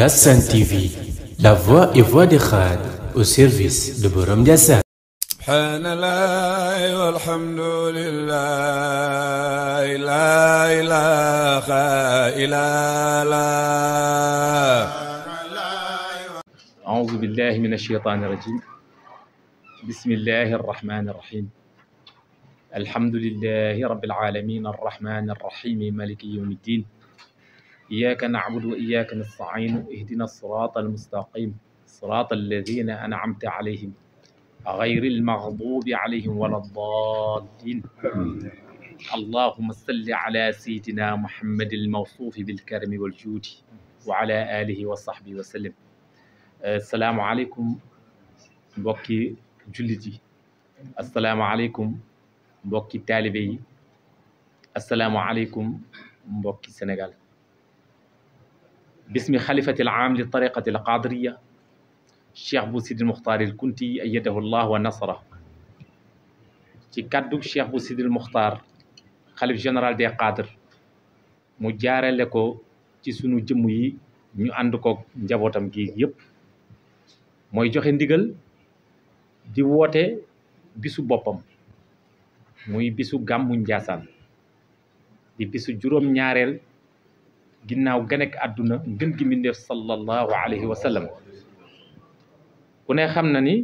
Dassan TV, la voix et voix de Khad au service de Borom Dassan. سبحان الله والحمد لله لا إله إلا الله أعوذ بالله من الشيطان الرجيم بسم الله الرحمن الرحيم الحمد لله رب العالمين الرحمن الرحيم مالك يوم الدين إياك نعبد وإياك نستعين اهدنا الصراط المستقيم صراط الذين أنعمت عليهم غير المغضوب عليهم ولا الضالين اللهم صل على سيدنا محمد الموصوف بالكرم والجود وعلى آله وصحبه وسلم آه، السلام عليكم بوكي جلدي السلام عليكم بوكي تالبي السلام عليكم بوكي سنغال باسم خليفة العام للطريقة القادرية الشيخ بوسيدي المختار الكنتي أيده الله ونصره ci kàddug Cheikh Bou Sidil Mokhtar xalif général des cadres mu jaarale ko ci sunu jëmm yi ñu ànd koog njabootam gi yëpp mooy joxe ndigal di woote bisu boppam muy bisu gàmmu Njaasaan di bisu juróom-ñaareel ginnaw ganek aduna ngeen gi mbindeef sallallahu alayhi wa sallam ku ne xamna ni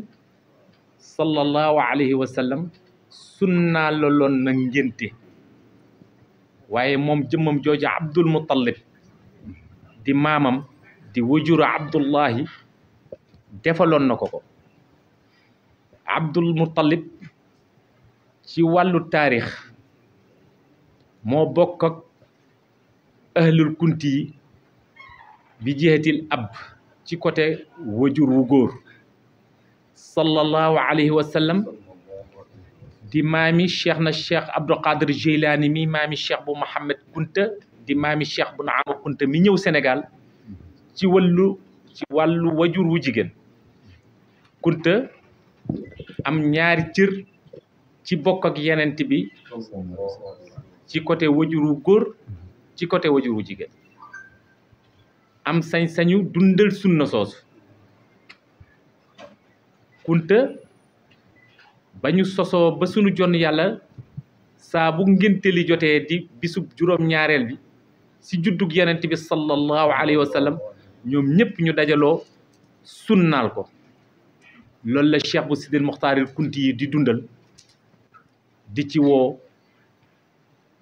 sallallahu alayhi wa sallam sunna lolon na ngénte waye mom jëmmam jooju abdul muttalib di mamam di wujur abdullahi defalon nako ko abdul muttalib ci walu tarikh mo bokk ak ahlul kunti yi bi jihatil ab ci côté wajur wu góor sallallahu alayhi wa sallam di maami cheikh na cheikh Abdou Qadir Jeylaani mi maami cheikh bu Mouhamed Kunta di maami cheikh bu Naama Kunta mi ñëw Sénégal ci wàllu ci wàllu wajur wu jigéen Kunta am ñaari cër ci bokk ak yenent bi ci côté wajur wu góor ci côté wajur jigéen am sañ-sañu dundal sunna soosu kunta ba ñu sosoo ba sunu jon yàlla saa bu ngénte jotee di bisub juróom-ñaareel bi ci juddug yonent bi sallallahu alayhi wa ñoom ñëpp ñu dajaloo sunnaal ko loolu la cheikh bu sidil muxtaaril kunti yi di dundal di ci woo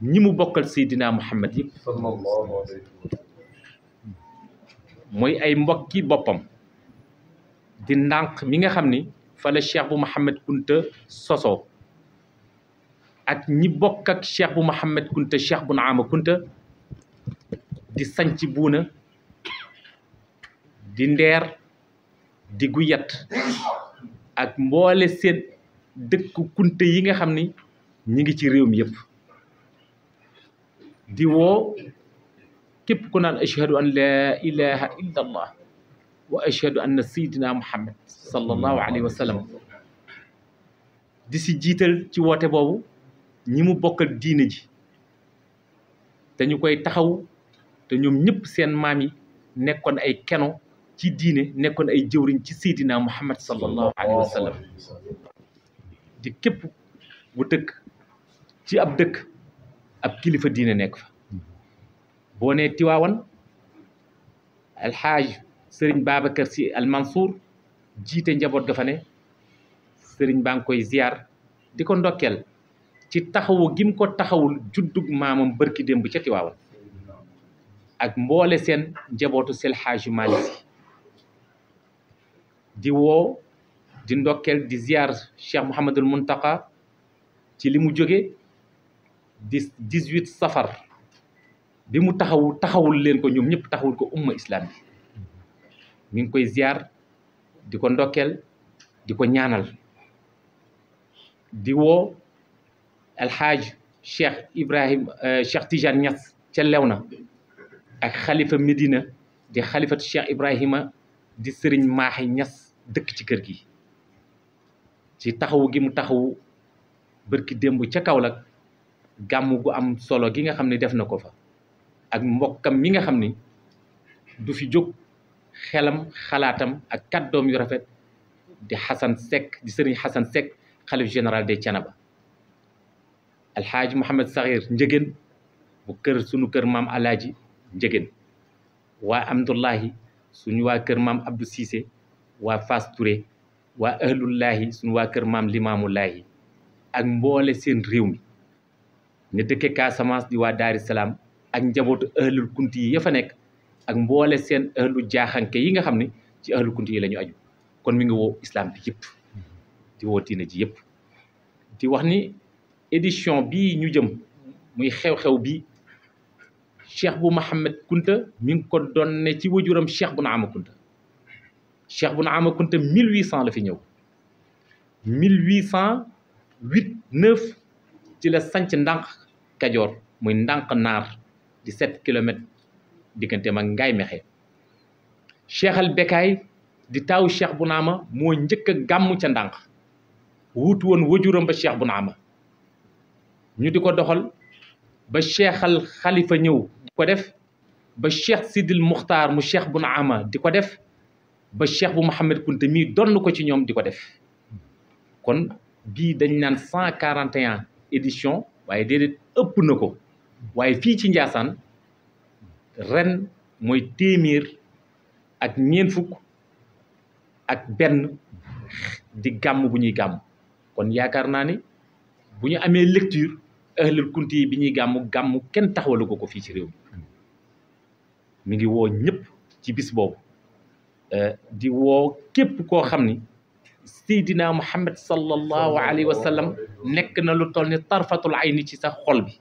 ñi mu bokkal Seydina Muhammad yëpp mooy ay mbokki boppam di ndànk mi nga xam ni fa la bu Mouhamed Kunta sosoo ak ñi bokk ak cheikh bu Mouhamed Kunta cheikh bu Naama Kunta di sanc buuna di ndeer di guyat ak mboole seen dëkku kunta yi nga xam ni ñi ngi ci réew mi yëpp di woo képp ku naan ashhadu an laa ilaha illa allah wa ashhadu anna sayyidina muhammad sallallahu alayhi wa sallam di si jiital ci woote boobu ñi mu bokkal diine ji dañu koy taxaw te ñoom ñëpp seen maam yi nekkoon ay keno ci diine nekkoon ay jëwriñ ci sayyidina muhammad sallallahu alayhi wa sallam di képp bu dëkk ci ab dëkk ab kilifa diine nekk fa bone nee Tiwaawan alxaaj sëriñ Babacar si almansour jiite njaboot ga ne sëriñ baa koy ziar di ko ndokkeel ci taxawu gim ko taxawul juddug maamam bërki démb ca Tiwaawan ak mboole seen njabootu sel xaaju Maalik si di woo di ndokkeel di ziar Cheikh Mouhamadul Muntaqa ci limu jóge 18 safar bi mu taxawu taxawul len ko ñom ñep taxawul ko umma islam bi mi ngi koy ziar diko ndokel diko ñaanal di al haj cheikh Ibrahim cheikh tijan Niass ci lewna ak khalifa Medina di khalifat cheikh Ibrahima di serigne mahi Niass dëkk ci kër gi ci taxawu gi mu taxawu bërki démb ca Kaolack gàmm gu am solo gi nga xam ne def na ko fa ak mbokkam mi nga xam ni du fi jóg xelam xalaatam ak kàddoom yu rafet di Xasan Seck di sëriñ Xasan Seck xalif général de Thiénaba alxaaji Mouhamed Sakhir Njëgéen bu kër sunu kër maam alaaji Njëgéen waa Amdullahi suñu wa kër maam Abdou Cissé waa Fass Touré waa ahlullahi suñu waa kër maam Limaamullahi ak mboole seen réew ne dëkke Casamance di waa Daari Salaam ak njabootu ahlul kunti yi ya fa nekk ak mboole seen ahlu jaaxanke yi nga xam ni ci ahlu kunti yi la ñu aju kon mi ngi woo islam bi yëpp di woo diina ji yëpp di wax ni édition bii ñu jëm muy xew-xew bi cheikh bu Mohammed Kunta mi ngi ko donne ci wajuram cheikh bu Naama Kunta cheikh bu na Naama Kunta 1800 la fi ñëw 1808 9 ci la sanc ndànk kajoor muy ndànk naar di sept kilomètres diggante ma ngay mexe cheikh al di taawu cheikh bu naama moo njëkk a gàmm ca ndànk wuutu woon wajuram ba cheikh bu naama ñu di ko doxal ba cheikh xalifa ñëw di ko def ba cheikh sidil muxtaar mu cheikh bu naama di ko def ba cheikh bu Mouhamed Kunta mii ko ci ñoom di ko def kon bii dañ naan cent quarante et un édition waaye déedéet ëpp na ko waaye fii ci Njaasaan ren mooy téeméer ak ñeent fukk ak benn di gàmm bu ñuy gàmm kon yaakaar naa ne bu ñu amee lecture ahlul kunti yi bi ñuy gàmm gàmm kenn taxawalu ko fii ci réew mi ngi woo ñépp ci bis boobu euh, di woo képp koo xam ni seydina muhammad sallallahu alayhi wa sallam nekk na lu toll ni tarfatul ayni ci sa xol bi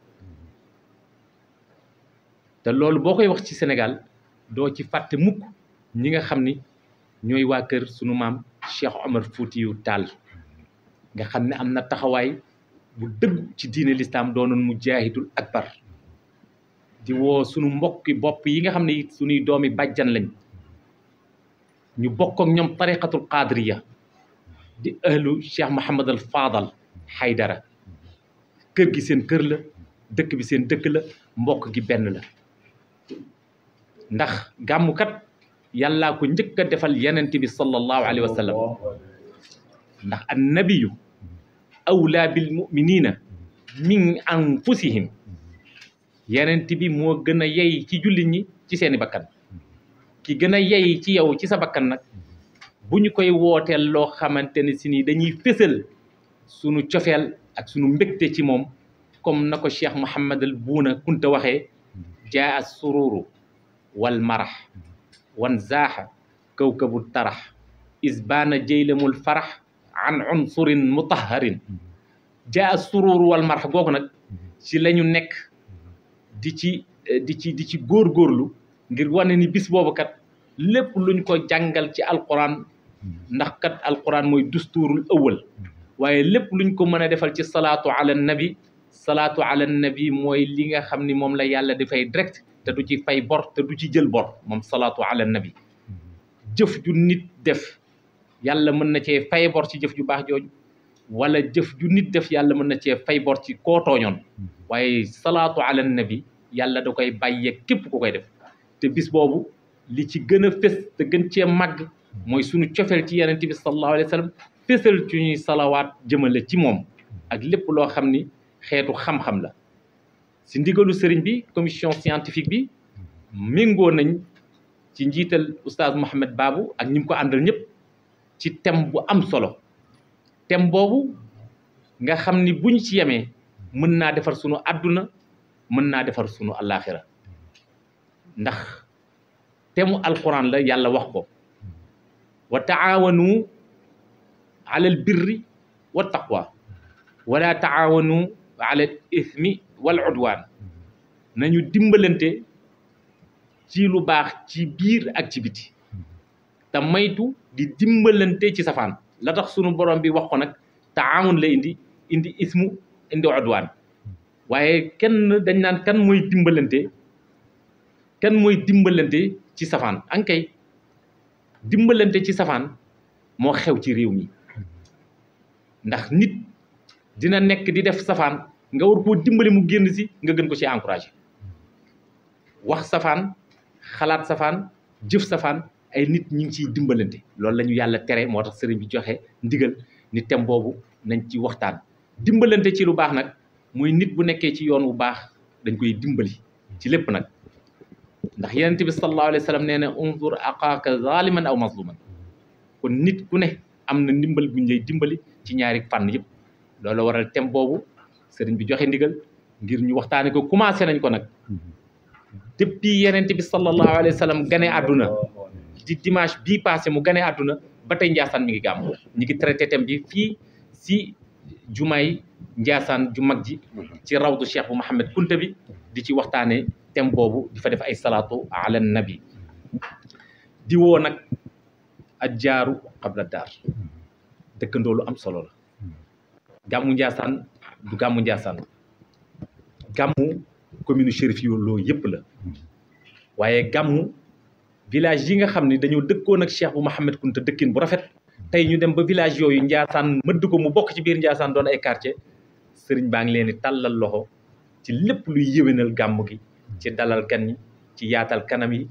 te loolu boo koy wax ci Sénégal doo ci fàtte mukk ñi nga xam ni ñooy waa kër sunu maam Cheikh Omar Foutiyou Tall nga xam ne am na taxawaay bu dëgg ci diine lislaam doonoon mujahidul akbar di woo sunu mbokki bopp yi nga xam ne sunuy doomi bàjjan lañ ñu bokk ak ñoom tariqatul qadriya di ahlu Cheikh mohammed al Fadal Haydara keur gi sen keur la dëkk bi sen dëkk la mbokk gi ben la ndax kat yalla ko njëkk defal yenent bi sallallahu alaihi wasallam sallam ndax annabiyu awla bil muminina min anfusihim yenent bi mo gëna a yey ci jullit ñi ci seeni bakkan ki gëna a yey ci yow ci sa bakkan nak buñ koy wooteel loo xamante ne si ni dañuy fësal sunu cofeel ak sunu mbégte ci moom comme na ko cheikh Mouhamad al Buuna Kunta waxee jaa sururu wal marax wan zaaxa kawkabu tarax isbaana jeylamul farax an unsurin mutaharin jaa sururu wal marax googu nag ci lañu ñu nekk di ci di ci di ci góorgóorlu ngir wane ni bis boobu kat lépp luñ ko jàngal ci alquran ndax kat alquran moy dusturul ëwal waye lépp luñ ko meuna defal ci salatu ala nabi salatu ala nabi moy li nga xamni mom la yàlla defay direct te du ci fay bor te du ci jël bor mom salatu ala nabi jëf ju nit def yàlla mën na cee fay bor ci jëf ju bax jooju wala jëf ju nit def yàlla mën na cee fay bor ci ko toñon waye salatu ala nabi yàlla da koy bàyyee képp ku koy def te bis bobu li ci gëna fess te gën ci mag moy sunu ciofel ci yaronte bi sallallahu alayhi wasallam fessel ci ñuy salawat jëmele ci mom ak lépp lo xamni ni xeetu xam-xam la ci ndigalu sëriñ bi commission scientifique bi mingo nañ ci njital oustaz mohammed babu ak ñim ko àndal ñep ci tem bu am solo tem bobu nga xamni buñ ci yame mën na defar sunu aduna mën na defar sunu alakhirah ndax temu alquran la yàlla wax ko. وتعاونوا على البر والتقوى ولا تعاونوا على الاثم والعدوان نانيو ديمبلنتي تي لو باخ تي بير اك تي بيتي تا مايتو دي ديمبلنتي تي سافان لا تخ سونو بروم بي واخو نك تعاون لا اندي اندي اسم اندي عدوان واي كن دنج نان كان موي ديمبلنتي كان موي ديمبلنتي تي سافان انكاي dimbalante ci safaan moo xew ci réew mi ndax nit dina nekk di def safaan nga war koo dimbali mu génn si nga gën ko ci encouragé wax safaan xalaat safaan jëf safaan ay nit ñi ngi ciy dimbalante loolu lañu yàlla tere moo tax sëriñ bi joxe ndigal ni tem boobu nañ ci waxtaan dimbalante ci lu baax nag muy nit bu nekkee ci yoon wu baax dañ koy dimbali ci lépp nag ndax yonent bi sallallahu alayhi wa sallam nee na unzur aqaaka zaliman aw mazluman kon nit ku ne am na ndimbal bu ñu lay dimbali ci ñaari fànn yëpp loolu waral thème boobu sëriñ bi joxe ndigal ngir ñu waxtaane ko commencé nañ ko nag depuis yonent bi sallallahu alayhi wa sallam gane àdduna di dimanche bii passé mu gane àdduna ba tey Ndiassane mi ngi gàmm ñi ngi traité thème bi fii si jumaay Ndiassane ju mag ji ci rawdu Cheikh bu Mouhamed Kunta bi di ci waxtaane thème boobu di fa def ay salaatu ala nabi di woo nag ak jaaru xabla daar dëkkandoo lu am solo la gàmmu Njaasaan du gàmmu Njaasaan gàmmu commune Chérif yoo yëpp la waaye gàmmu village yi nga xam ne dañoo dëkkoo nag Cheikh bu Mouhamed Kounta dëkkin bu rafet tey ñu dem ba village yooyu Njaasaan mëdd ko mu bokk ci biir Njaasaan doon ay quartier sëriñ baa ngi leen tàllal loxo ci lépp luy yéwénal gàmm gi ci dalal gan yi ci yaatal kanam yi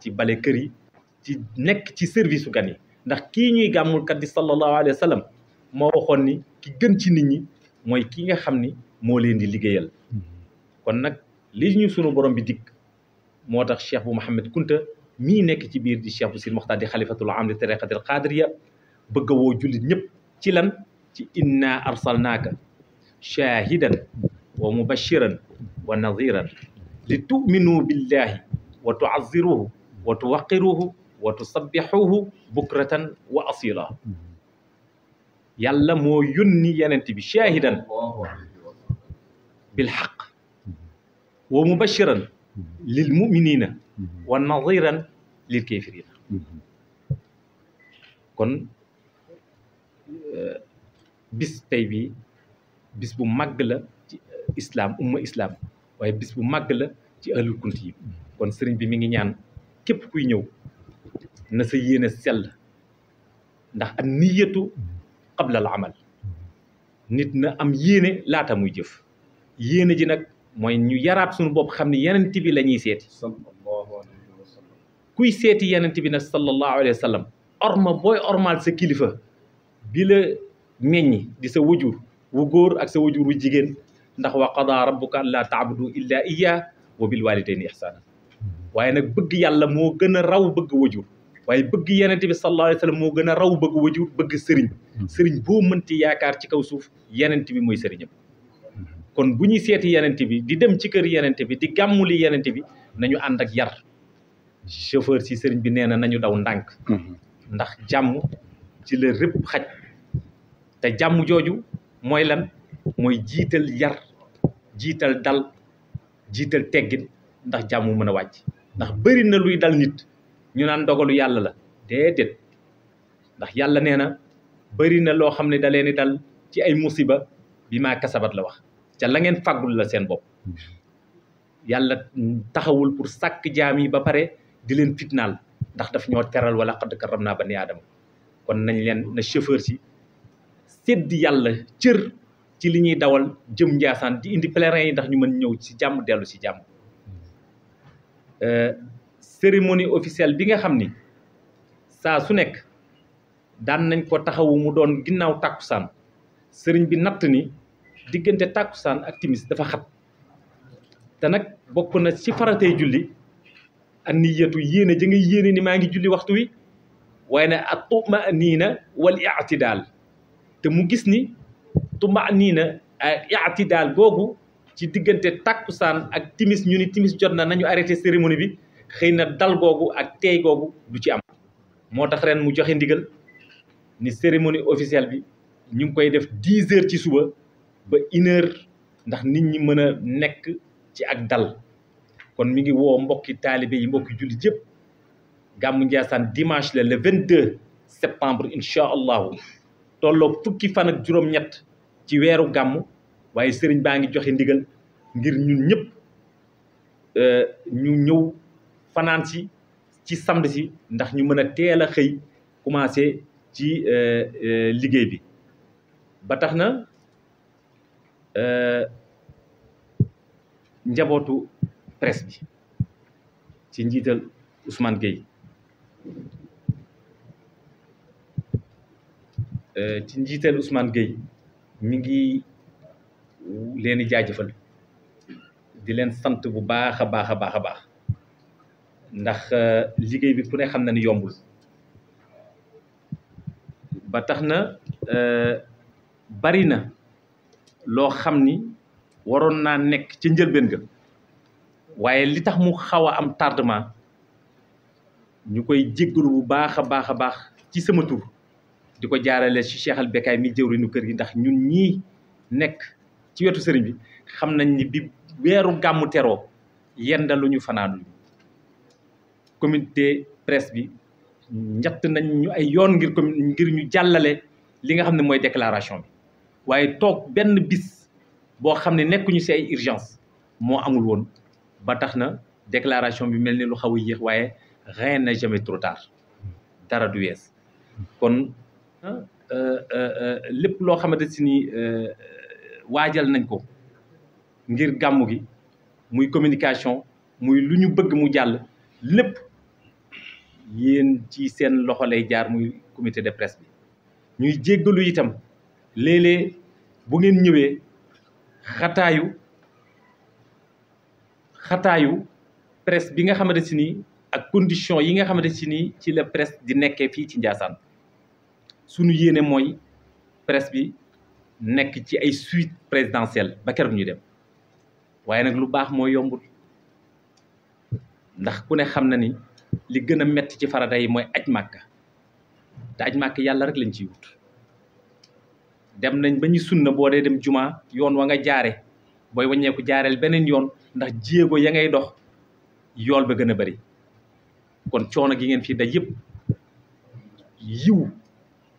ci bale kër yi ci nek ci service gan yi ndax ki ñuy gàmmulkat di sallallahu alayhi wasallam mo waxon ni ki gën ci nit ñi moy ki nga xamni mo leen di liggéeyal kon nak li ñu sunu borom bi dik motax cheikh bu mohammed Kunta mi nek ci bir di cheikh bu Sidi Moxtaar di xalifatul am li tariqatil qaadiriya bëgg a woo jullit ci lan ci inna arsalnaka shahidan wa mubashiran wa nadhiran لتؤمنوا بالله وتعزروه وتوقروه وتسبحوه بكرة وأصيلا يلا مو يني يننتي بشاهدا بالحق ومبشرا للمؤمنين ونظيرا للكافرين كن آه، بس بيبي بس بمقلة اسلام امه اسلام waye bis bu mag la ci ahlul kunti kon serigne bi mi ngi ñaan kep kuy ñëw na sa yene sel ndax am niyatu qabla al amal nit na am yene lata muy jëf yene ji nak moy ñu yarat suñu bop xamni yenen yenent bi la ñuy seeti kuy seeti yenent bi nak sallallahu alayhi wasallam orma boy ormal sa kilifa bi la meññi di sa wujur wu góor ak sa wujur wu jigen ndax wa qada rabbuka alla ta'budu illa iya wa bil walidayni ihsana waye nak bëgg yàlla mo gëna raw bëgg wajur waye bëgg yenente bi sallallahu alayhi wasallam mo gëna raw bëgg wajur bëgg sëriñ sëriñ bo mënti yaakar ci kaw suuf yenente bi mooy sëriñam kon buñu ñuy seeti bi di dem ci kër yenente bi di gàmmuli yenente bi nañu ànd ak yar chauffeur ci sëriñ bi neena nañu daw ndànk ndax jàmm ci le rep xaj te jàmm joju moy lan mooy jiital yar jiital dal jiital teggin ndax jàmm mën a wàcc ndax bëri na luy dal nit ñu naan dogalu yàlla la déedéet ndax yàlla nee na bëri na loo xam ne da leen dal ci ay musiba bi maa kasabat la wax ca la ngeen fàggul la seen bopp yàlla taxawul pour sàkk jaam yi ba pare di leen fitnaal ndax daf ñoo teral wala xadd karam naa ba ni aadama kon nañ leen na chauffeur si séddi yàlla cër ci li ñuy dawal jëm Njaasaan di indi pèlerins yi ndax ñu mën ñëw ci jàmm dellu ci jàmm hmm. euh, cérémonie officielle bi nga xam ni saa su nekk daan nañ ko taxawu mu doon ginnaaw tàkkusaan sëriñ bi natt ni diggante tàkkusaan ak timis dafa xat te nag bokk na ci faratey julli an niyatu yéene ja nga yéene ni maa ngi julli waxtu wi waaye ne at tuma niina wal i'tidaal te mu gis ni tumaaniina eh, i'tidaal googu ci diggante takkusaan ak timis ñu ni timis jot na nañu arrêté cérémonie bi xëy na dal googu ak teey googu du ci am moo tax ren mu joxe ndigal ni cérémonie officielle bi ñu ngi koy def dix heures ci suba ba une ndax nit ñi mën a nekk ci ak dal kon mi ngi woo mbokki taalibe yi mbokki jullit yëpp gàmmu Ndiassane dimanche la le vingt deux septembre incha allahu tolloo fukki fan ak juróom-ñett ci weeru gàmm waaye sëriñ baa ngi joxe ndigal ngir ñun ñëpp euh, ñu ñëw fanaan si ci samedi si ndax ñu mën a teel a xëy commencé ci euh, euh, liggéey bi ba tax na njabootu presse bi ci njiital Ousmane Gueye ci njiital Ousmane Gueye mi ngi leen di jaajëfal di leen sant bu baax a baax a baax a baax ndax euh, liggéey bi ku ne xam na ni yombul ba tax na euh, bari na loo xam ni waroon naa nekk ci njëlbeen ga waaye li tax mu xaw a am tardement ñu koy jéggalu bu baax a baax a baax ci sama tur di ko jaarale ci Cheikh al Bekaay mi jëwriñu kër gi ndax ñun ñi nek ci wetu sëriñ bi xam nañ ni bi wéru gamu téro yendalu ñu fanaan lu comité presse bi ñatt nañ ñu ay yoon ngir ngir ñu jàllale li nga xam moy déclaration bi waaye tok benn bis bo xam ne nekkuñu ci ay urgence mo amul woon ba taxna déclaration bi melni lu xawu a yéex rien n'est jamais trop tard dara du wess kon Hein? Euh, euh, euh, lépp loo xamante ni waajal nañ ko ngir gi communication muy lu bëgg mu jàll lépp ci comité de presse bi ñuy jéggalu itam bu ngeen xataayu xataayu presse bi nga condition yi nga la presse di nekkee sunu yéene mooy presse bi nekk ci ay suite présidentielle ba keroog ñu dem waaye nag lu baax mooy yombul ndax ku ne xam na ni li gën a metti ci farata yi mooy aj màkka te aj màkka yàlla rek lañ ciy wut dem nañ ba ñu sunna boo dee dem jumaa yoon wa nga jaare booy wañeeku jaareel beneen yoon ndax jéego ya ngay dox yool ba gën a bari kon coono gi ngeen fii daj yëpp yiw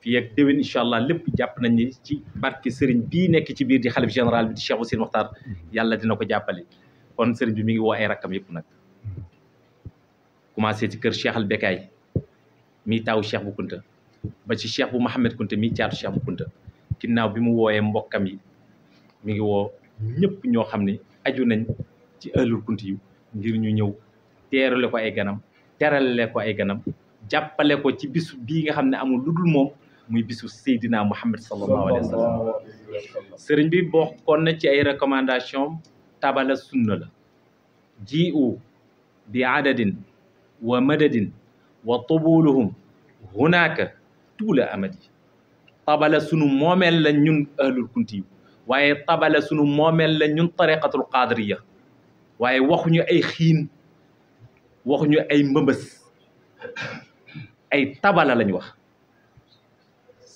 fii ak déwén incha allah lépp jàpp nañ ni ci barke sëriñ bii nekk ci biir di xalif général bi di Cheikh Ousseynou Mokhtar yàlla dina ko jàppale kon sëriñ bi mi ngi woo ay rakkam yëpp nag commencé ci kër Cheikh al Bekaay mii taawu Cheikh bu Kunta ba ci Cheikh bu Mouhamed Kunta mii caatu Cheikh bu Kunta bi mu woowee mbokkam yi mi ngi woo ñëpp ñoo xam ni aju nañ ci ëllëg Kunta yi ngir ñu ñëw teerale ko ay ganam teralale ko ay ganam jàppale ko ci bisu bii nga xam ne amul lu dul moom muy bisu Seydina Muhammad sallallahu alayhi wa sallam sëriñ bi bokkoon na ci ay recommandation tabala sunna la ji'u bi adadin wa madadin wa tubuluhum hunaka tuula amadi tabala sunu moomeel la ñun ahlul kunti waaye tabala sunu moomeel la ñun tariqatul qadiriya waaye waxuñu ay xiin waxuñu ay mbëmbës ay tabala lañu wax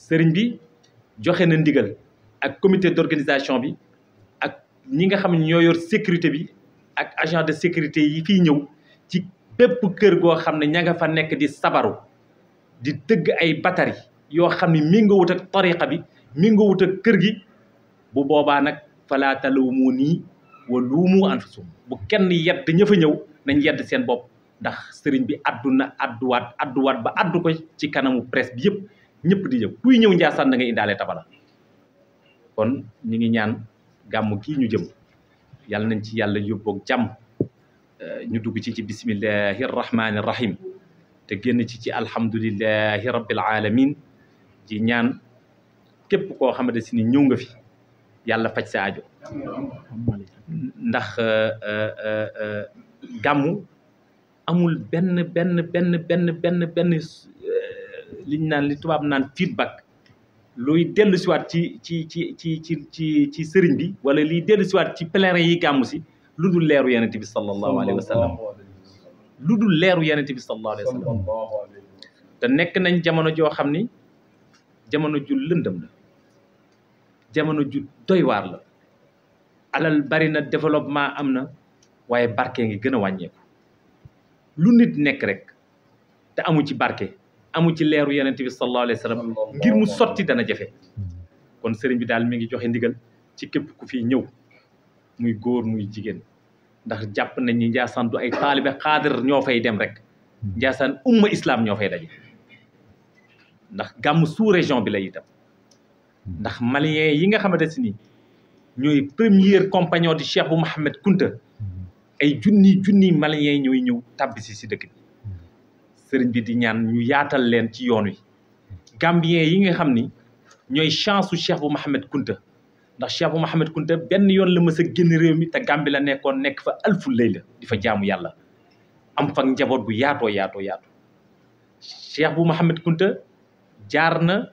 sëriñ bi joxe na ndigal ak comité d'organisation bi ak ñi nga xam ne ñoo yor sécurité bi ak agent de sécurité yi fi ñëw ci bépp kër goo xam ne ña nga fa nekk di sabaru di tëgg ay batari yoo xam ne mi nga wut ak tariqa bi mi nga wut ak kër gi bu boobaa nag falaatalumu nii wa luumu anfusum bu kenn yedd ña fa ñëw nañ yedd seen bopp ndax serigne bi aduna aduat aduat ba adu ko ci kanamu presse bi yep ñep di ñew kuy ñew ndiasan da ngay indalé tabala kon ñi ngi ñaan gamu ki ñu jëm yalla nañ ci yàlla yóbboog jam eh, ñu dugg ci ci bismillahir rahmanir rahim te genn ci ci alhamdulillahi rabbil alamin ci ñaan kep ko xamante si ni nga fi yalla fajj sa aajo ndax eh, eh, gamu amul benn benn benn benn benn benn euh, li ñu naan tubaab naan feedback luy dellu siwaat ci ci ci ci ci ci ci sëriñ bi wala liy dellu siwaat ci pèlerin yi gàmmu si lu dul leeru yenente bi sallallahu alayhi wa sallam lu dul leeru yenente bi sallallahu alayhi wa sallam te nekk nañ jamono joo xam ni jamono ju lëndëm la jamono ju doy waar la alal bari na développement am na waaye barke ngi gën a wàññeeku lu nit nek rek te amu ci barke amu ci leeru yenen bi sallallahu alayhi wasallam ngir mu soti dana jafe kon sëriñ bi dal mi ngi joxe ndigal ci képp ku fi ñëw muy góor muy jigen ndax jàpp nañ ni Njaasaan du ay talibé qadir ño fay dem rek Njaasaan umma islam ño fay daje ndax gam sous région bi lay itam ndax malien yi nga xamanteni ñoy premier compagnon du cheikh bou mohammed Kunta ay junni junni maliens ñooy ñëw tàbbisi si dëkk bi bi di ñaan ñu yaatal leen ci yoon wi gambien yi nga xam ni ñooy chance su cheikh bu Mohamed Kunta ndax cheikh bu Mohamed Kunta benn yoon la mës a génn réew mi te Gàmbi la nekkoon nekk fa alfu lay la di fa jaamu yàlla am fa njaboot bu yaatoo yaato yaatoo cheikh bu Mohamed Kunta jaar na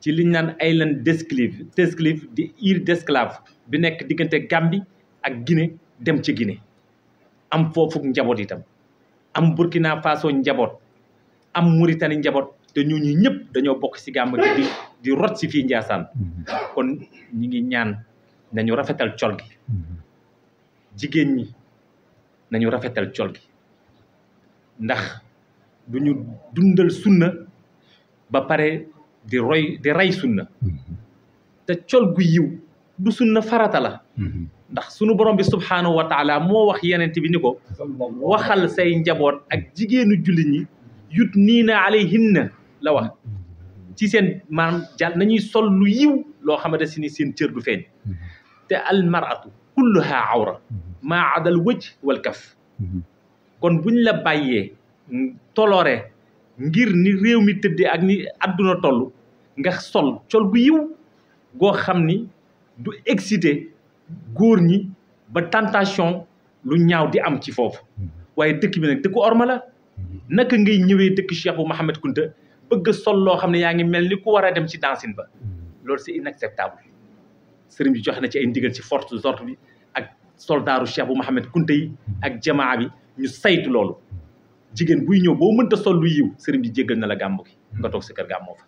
ci liñ naan island d'esclave d'esclave di île d'esclave bi nekk diggante Gàmbi ak Guinée dem ci Guinée am foofu njaboot itam am Burkina Faso njaboot am Mauritanie njaboot te ñooñu ñëpp dañoo bokk si gàmm gi di di rot si fii Ndiassane mm-hmm. kon ñi ngi ñaan nañu rafetal col gi mm-hmm. jigéen ñi nañu rafetal col gi ndax du ñu dundal sunna ba pare di roy di sunna mm-hmm. te col gu yiw du sunna farata la ndax sunu borom bi subhanahu wa taala mo wax yenente bi niko waxal say njabot ak jigéenu jullit ñi yut nina alayhin la wax ci sen man jàll nañuy sol lu yiw lo xamante sini sen seen du feñ te al mar'atu kulluha awra ma ada al wajh wal kaf kon buñ la baye tolore ngir ni rew mi tëddee ak ni aduna tollu nga sol ciol bu yiw go xamni du exciter góor ñi ba tentation lu ñaaw di am ci foofu waaye dëkk bi nag dëkku orma la naka ngay ñëwee dëkk Cheikh bu Mouhamed Kounta bëgg a sol loo xam ne yaa ngi mel ni ku war a dem ci dancine ba loolu c'est inacceptable sëriñ bi joxe na ci ay ndigal ci force d'ordre bi ak soldaaru Cheikh bu Mouhamed Kounta yi ak jamaa bi ñu saytu loolu jigéen buy ñëw boo mënta sol lu yiw sëriñ bi jéggal na la gàmmu gi nga toog sa kër gàmmoo fa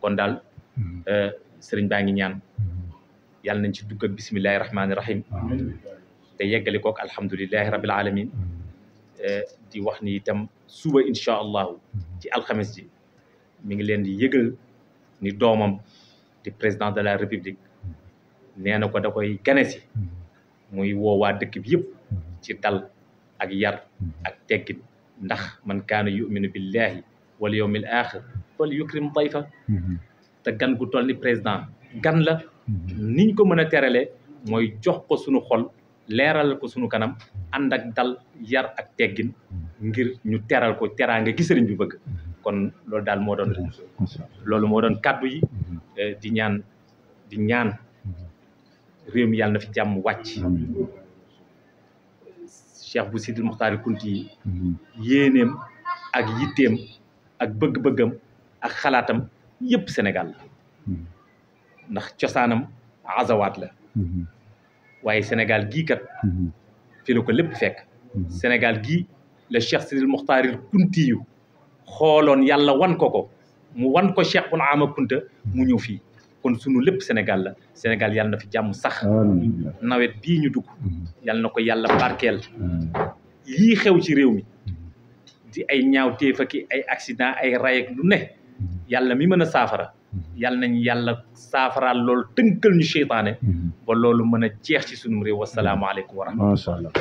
kon daal mm-hmm. euh, sëriñ baa ngi ñaan yàlla nañ ci dugg ak bisimillahi rahmaani rahim te yeggali kook alhamdulilahi rabil alamin di wax ni itam suba incha allahu ci alxames ji mi ngi leen di yëgal ni doomam di président de la république nee na ko da koy gane si muy woowaa dëkk bi yëpp ci dal ak yar ak teggit ndax man kaana yuminu billahi wal yawmil axir fal yukrim dayfa te gan gu toll ni président gan la Mhm. niñ ko mën a teralee mooy jox ko sunu xol leeral ko sunu kanam ànd ak dal yar ak teggin mhm. ngir ñu teral ko teraanga gi sëriñ bu bëgg mhm. kon loolu daal moo doon loolu moo doon kàddu yi eh, di ñaan di ñaan réew mi yàlla fi jàmm wàcc cheikh bu sidil muxtaari kunti yi yéeneem ak yitteem ak bëgg-bëggam ak xalaatam yépp senegal ndax ciosanam azawat la waye Sénégal gi kat fi lako lépp fek Sénégal gi le Cheikh Sidil Muxtaaril Kunti yu xooloon yàlla wan koko mu wan ko Cheikh Oul Ama Kunta mu ñu fi kon sunu lépp Sénégal la Sénégal yàlla na fi jàmm sax nawet bi ñu dug yàlla nako yàlla barkel yi xew ci rew mi di ay ñaaw téef ak ay accident ay ray ak lu ne yàlla mi meuna safara Mhm. yàlla nañ yàlla saafaraal loolu tënkal ñu seytaane mhm. ba loolu mën a jeex ci sunum réew wasalaamaaleykum mhm. wa rahmatullah